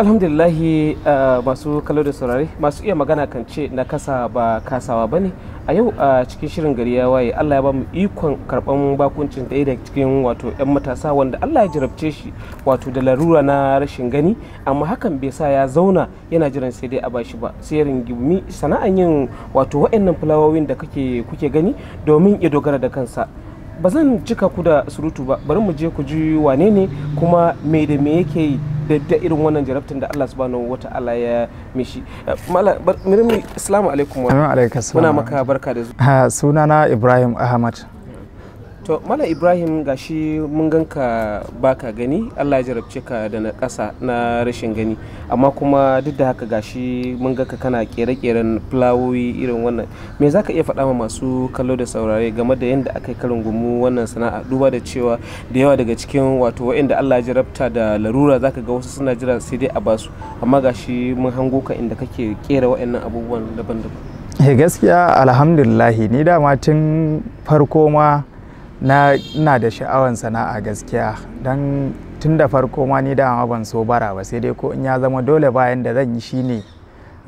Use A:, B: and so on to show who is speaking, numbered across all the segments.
A: alhamdulillah uh, masu kallo da saurari masu iya magana kan ce na kasa ba kasawa ba ne a yau a uh, cikin shirin gari ya waye allah ya ba mu ikon karban bakuncin ɗaya da cikin wato 'yan matasa wanda allah ya jarabce shi wato da larura na rashin gani amma hakan bai sa ya zauna yana jiran sai dai a bashi ba sai ya ringimi sana'an yin wato wa'annan fulawowin da kake kuke gani domin ya dogara da kansa ba zan cika ku da surutu ba bari mu je ku ji wane ne kuma me da me yake yi da irin wannan jarabtun da Allah subhanahu wata'ala ya mishi eh, malam assalamu alaikum wa alaikum muna maka barka da
B: zuwa sunana Ibrahim Ahmad
A: to mala ibrahim gashi mun ganka baka gani allah ya jarabce ka da na ƙasa na rashin gani amma kuma duk da haka gashi mun ganka kana kere-keren fulawoyi irin wannan me za ka iya faɗa ma masu kallo da saurare game da yadda aka yi karin gumu wannan sana'a duba da cewa da yawa daga cikin wato wa'inda allah ya jarabta da larura za ka ga wasu suna jira sai dai a basu amma gashi mun hango ka inda kake kera wa'annan abubuwan daban-daban
B: eh, gaskiya alhamdulillahi ni dama tun farko ma na ina da sha'awar sana'a gaskiya don tun da farko ma ni dama ban so bara ba sai dai ko in ya zama dole bayan da zan yi shine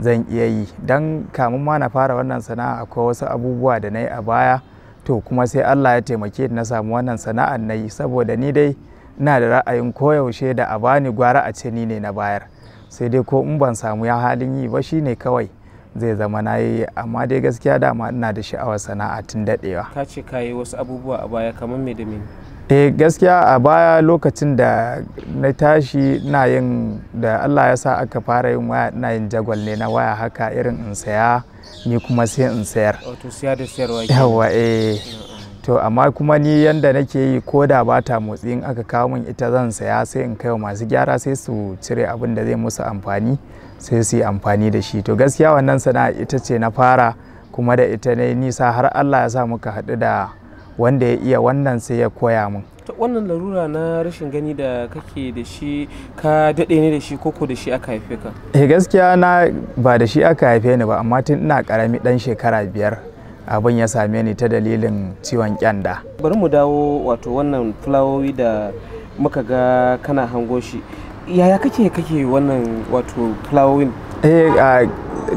B: zan iya yi don kamun ma na fara wannan sana'a akwai wasu abubuwa da na yi a baya to kuma sai Allah ya taimake na samu wannan sana'ar na yi saboda ni dai ina da ra'ayin koyaushe da a bani gwara a ce ni ne na bayar sai dai ko in ban samu ya halin yi ba shine kawai zai zama na yi amma dai gaskiya dama ina da sha'awar sana'a tun daɗewa
A: ka ce ka yi wasu abubuwa a baya kamar me da me
B: eh gaskiya a baya lokacin da na tashi na yin da allah ya sa aka fara yin waya ina yin jagwal ne na waya haka irin in saya ni kuma sai in sayar wato siya da sayarwa yawa eh to amma kuma ni yanda nake yi ko da ba ta motsi in aka kawo min ita zan saya sai in kai wa masu gyara sai su cire abin da zai musu amfani sai su yi amfani da shi to gaskiya wannan sana'a ita ce na fara kuma da ita ne nisa har Allah ya sa muka haɗu da wanda ya iya wannan sai ya koya min
A: wannan larura na rashin gani da kake da shi ka daɗe ne da shi koko da shi aka haife ka
B: eh gaskiya na ba da shi aka haife ni ba amma tun ina karami dan shekara biyar abin ya same ni ta dalilin ciwon kyanda
A: bari mu dawo wato wannan fulawowi da muka ga kana hango shi
B: yaya kake kake wannan wato plowing eh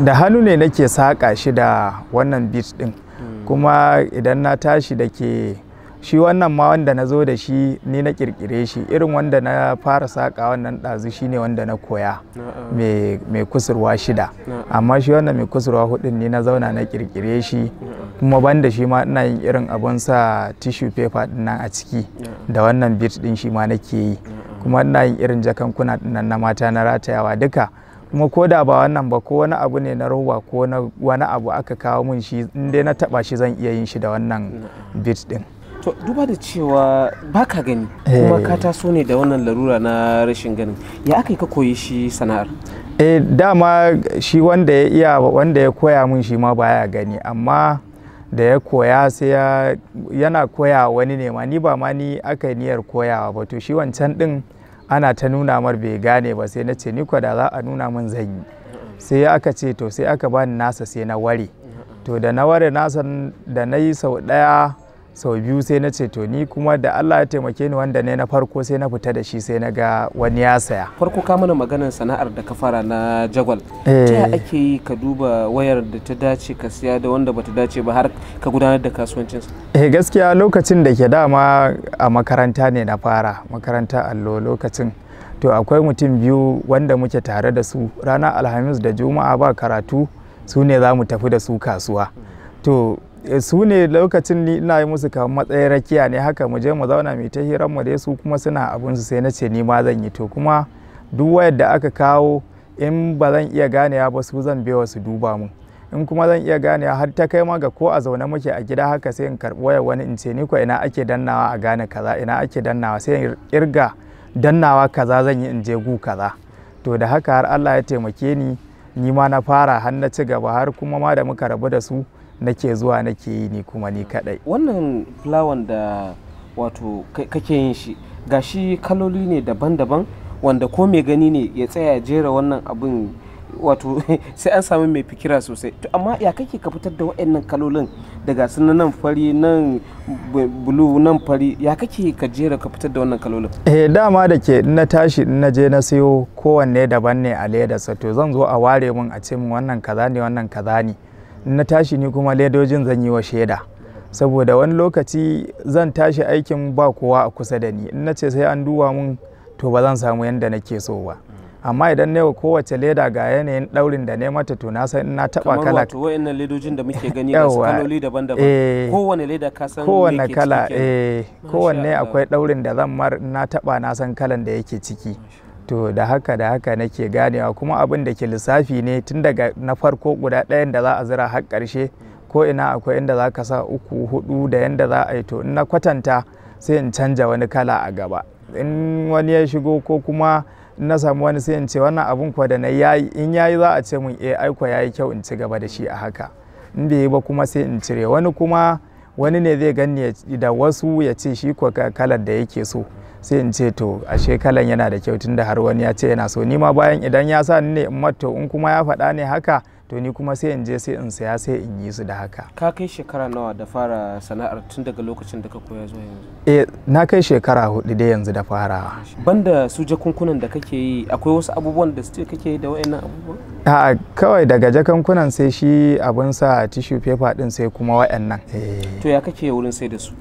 B: da hannu ne nake saka shi da wannan beat din hmm. kuma idan na tashi da ke shi wannan ma wanda na zo da shi ni na kirkire shi irin wanda na fara saƙa wannan ɗazu shi ne wanda na koya mai kusurwa shida amma shi wannan mai kusurwa hudun ni na zauna na kirkire shi kuma banda shi ma ina yin irin abun sa tissue paper ɗin nan a ciki da wannan bit ɗin shi ma nake yi kuma ina yin irin jakankuna dinnan na mata na ratayawa duka kuma ko da ba wannan ba ko wani abu ne na roba ko wani abu aka kawo min shi in dai na taba shi zan iya yin shi da wannan bit din
A: to duba da cewa baka gani kuma eh. ka taso ne da wannan larura na rashin ganin ya aka yi ka koyi shi sana'ar
B: eh dama shi wanda ya iya wanda ya koya min shi ma baya gani amma da ya koya sai ya yana koya wani ne ma ni ba ma ni aka yi niyyar koyawa ba to shi wancan din ana ta nuna mar bai gane ba sai na ce ni kwa da za a nuna min zan yi sai aka ce to sai aka bani nasa sai na ware to da na ware nasa da na yi sau ɗaya sau biyu sai na ce to ni kuma da Allah ya taimake ni wanda ne na farko sai na fita da shi sai na ga wani ya saya farko ka mana maganar sana'ar da ka fara na
A: jagwal ta eh. ake yi ka duba wayar da ta dace ka siya da wanda bata dace ba har ka gudanar da kasuwancin
B: eh gaskiya lokacin da ke dama a makaranta ne na fara makaranta allo lokacin to akwai mutum biyu wanda muke tare da su ranar alhamis da juma'a ba karatu su ne za mu tafi da su kasuwa to Eh, su ne lokacin ni ina yi musu kamar matsayin rakiya ne haka mu je mu zauna mu ta hirar mu dai su kuma suna abun su sai na ce ni ma zan yi to kuma duk wayar da aka kawo in ba zan iya ganewa ba su zan biya su duba mu in kuma zan iya ganewa har ta kai ma ga ko a zaune muke a gida haka sai in karɓi wayar wani in ce ni ko ina ake dannawa a gane kaza ina ake dannawa sai in irga dannawa kaza zan yi in je gu kaza to da haka har Allah ya taimake ni ni ma na fara har na ci gaba har kuma ma da muka rabu da su nake zuwa nake yi ni kuma ni kadai wannan fulawan
A: da wato kake yin shi gashi kaloli ne daban-daban wanda ko mai gani ne ya tsaya jera wannan abin wato sai an samu mai fikira sosai to amma ya kake ka fitar da waɗannan kalolin daga sunan nan fari nan bulu nan fari ya kake ka jera ka fitar da wannan
B: kalolin eh dama da ke na tashi na je na siyo kowanne daban ne a ledarsa to zan zo a ware mun a ce min wannan kaza ne wannan kaza ne na tashi ni kuma ledojin zan yi wa shaida saboda wani lokaci zan tashi aikin ba kowa a kusa da ni na ce sai an duwa mun to ba zan samu yadda nake so ba amma idan ne kowace leda ga yanayin daurin da ne mata to na san na taba kala kamar wato
A: wayannan ledojin da muke gani ga kaloli daban-daban eh. kowanne leda ka san kowanne kala eh kowanne akwai
B: daurin da zan mar na taba na san kalan da yake ciki to da haka da haka nake ganewa kuma abin da ke lissafi ne tun daga na farko guda ɗayan da za a zira har ƙarshe ko ina akwai inda za ka sa uku hudu da yanda za a yi to in na kwatanta sai in canja wani kala a gaba in wani ya shigo ko kuma na samu wani sai in ce wannan abun kuwa da na yayi in yayi za a ce mun eh aiko yayi kyau in ci gaba da shi a haka in bai yi ba kuma sai in cire wani kuma wani ne zai gani da wasu ya ce shi ko kalar da yake so sai in ce to ashe kalan yana da kyau tunda har wani ya ce yana so ni ma bayan idan ya sa ne in mato in kuma ya faɗa ne haka to ni kuma sai in je sai in saya sai in yi su da haka ka kai shekara
A: nawa da fara sana'ar tun daga lokacin da ka koya zuwa yanzu
B: eh na kai shekara hudu dai yanzu da fara
A: banda su jakunkunan da kake yi akwai wasu abubuwan da suke kake yi da wayannan abubuwan
B: a kawai daga jakunkunan sai shi abun sa tissue paper din sai kuma wayannan
A: to ya kake wurin sai da su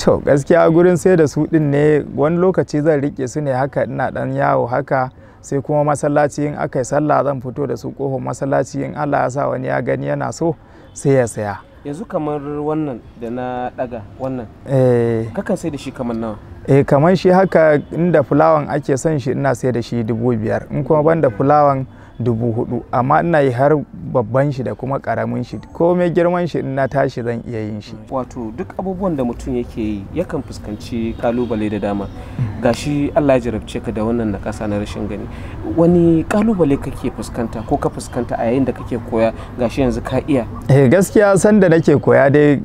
B: to gaskiya gurin sai da su din ne wani lokaci zan rike su ne haka ina dan yawo haka sai kuma masallaci in aka yi sallah zan fito da su kofar masallaci in Allah ya sa wani ya gani yana so sai ya saya
A: yanzu kamar wannan da na daga wannan
B: eh
A: kakan sai da shi kamar nawa
B: eh kamar shi haka inda fulawan ake son shi ina sai da shi dubu biyar in kuma banda fulawan dubu hudu amma ina yi har babban shi da kuma karamin shi komai girman shi in na tashi zan iya yin shi
A: wato duk abubuwan
B: da mutum yake yi yakan fuskanci kalubale da dama
A: gashi Allah ya jarabce ka da wannan nakasa na rashin gani wani kalubale kake fuskanta
B: ko ka fuskanta a yayin da kake koya gashi yanzu ka iya eh gaskiya san da nake koya dai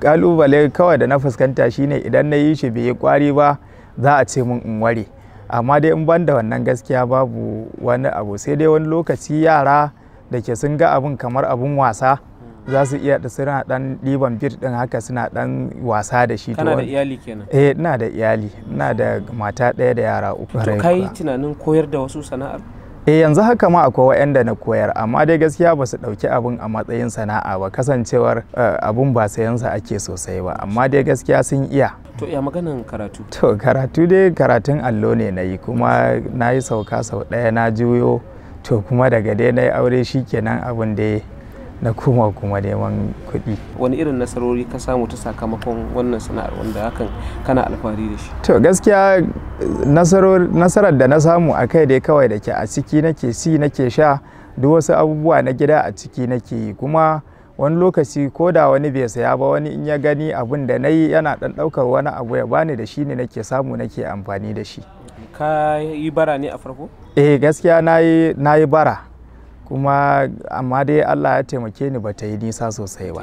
B: kalubale kawai da na fuskanta shine idan na yi shi bai yi kwari ba za a ce mun in ware amma dai in ban da wannan gaskiya babu wani abu sai dai wani lokaci yara da ke sun ga abin kamar abin wasa hmm. za su iya da suna dan ɗiban bir din haka suna dan wasa da shi kana da iyali kenan eh ina da iyali ina da mata ɗaya da yara uku to kai
A: tunanin koyar da wasu sana'ar
B: eh yanzu haka ma akwai waɗanda na koyar amma dai gaskiya ba su ɗauki abin a matsayin sana'a ba kasancewar eh, abun ba sayansa ake sosai ba amma dai gaskiya sun iya to ya maganin karatu to karatu dai karatun allo ne na yi kuma na yi sauka sau ɗaya na juyo to kuma daga dai na yi aure shi kenan abin da na kuma kuma neman kuɗi
A: wani irin nasarori ka samu ta sakamakon wannan sana'ar wanda hakan kana alfahari da shi
B: to gaskiya nasarar da na samu a kai dai kawai da ke a ciki nake si nake sha duk wasu abubuwa na gida a ciki nake yi kuma wani lokaci ko da wani bai saya ba wani in ya gani abin da na yi yana ɗanɗaukar daukar wani abu ya bani da shi ne nake samu nake amfani da shi
A: ka yi bara ne a farko
B: eh gaskiya na yi bara kuma amma dai Allah ya taimake ni ba ta yi nisa sosai ba.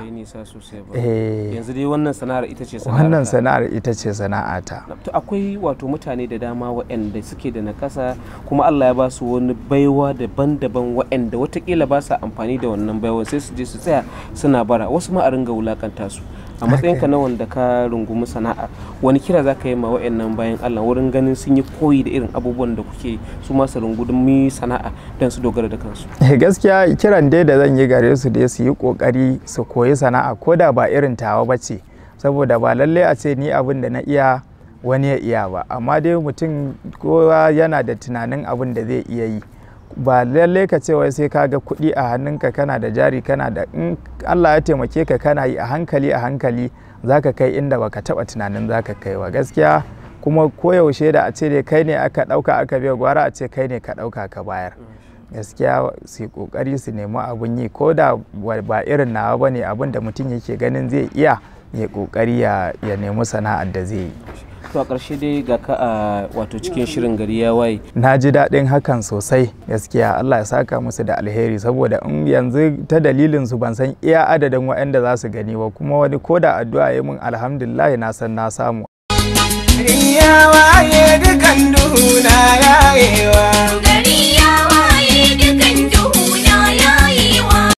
B: Eh. Yanzu dai wannan
A: sana'ar ita ce sana'ar Wannan
B: sana'ar ita ce sana'ata. To
A: akwai wato mutane da dama waɗanda suke da nakasa kuma Allah ya ba su wani baiwa daban-daban waɗanda watakila ba sa amfani da wannan baiwa sai su je su tsaya suna bara wasu ma a ringa wulakanta su. a matsayin na wanda ka rungumi sana'a wani kira za ka yi ma wa'annan bayan allah wurin ganin sun yi koyi da irin abubuwan da kuke su masu rungumi sana'a don su dogara da kansu
B: gaskiya kiran dai da zan yi gare su dai su yi kokari su koyi sana'a ko da ba irin tawa ba ce saboda ba lallai a ce ni abin da na iya wani ya iya ba amma dai mutum kowa yana da tunanin abin da zai iya yi ba lalle ka ce wai sai ka ga kuɗi a hannunka kana da jari kana da in Allah ya taimake ka kana yi a hankali a hankali za ka kai inda baka taɓa tunanin za ka kai wa gaskiya kuma koyaushe da a ce dai kai ne aka ɗauka aka biya gwara a ce kai ne ka ɗauka ka bayar gaskiya su ƙoƙari su nemi abun yi ko da ba irin nawa ba ne abin da mutum yake ganin zai iya ya ƙoƙari ya nemi sana'ar da zai yi to a ƙarshe dai ga ka a wato cikin shirin gari ya waye na ji daɗin hakan sosai gaskiya Allah ya saka musu da alheri saboda in yanzu ta dalilin su ban san iya adadin waɗanda za su gani ba kuma wani ko da addu'a yi mun alhamdulillah na san na samu
A: Ya waye dukan duna yayewa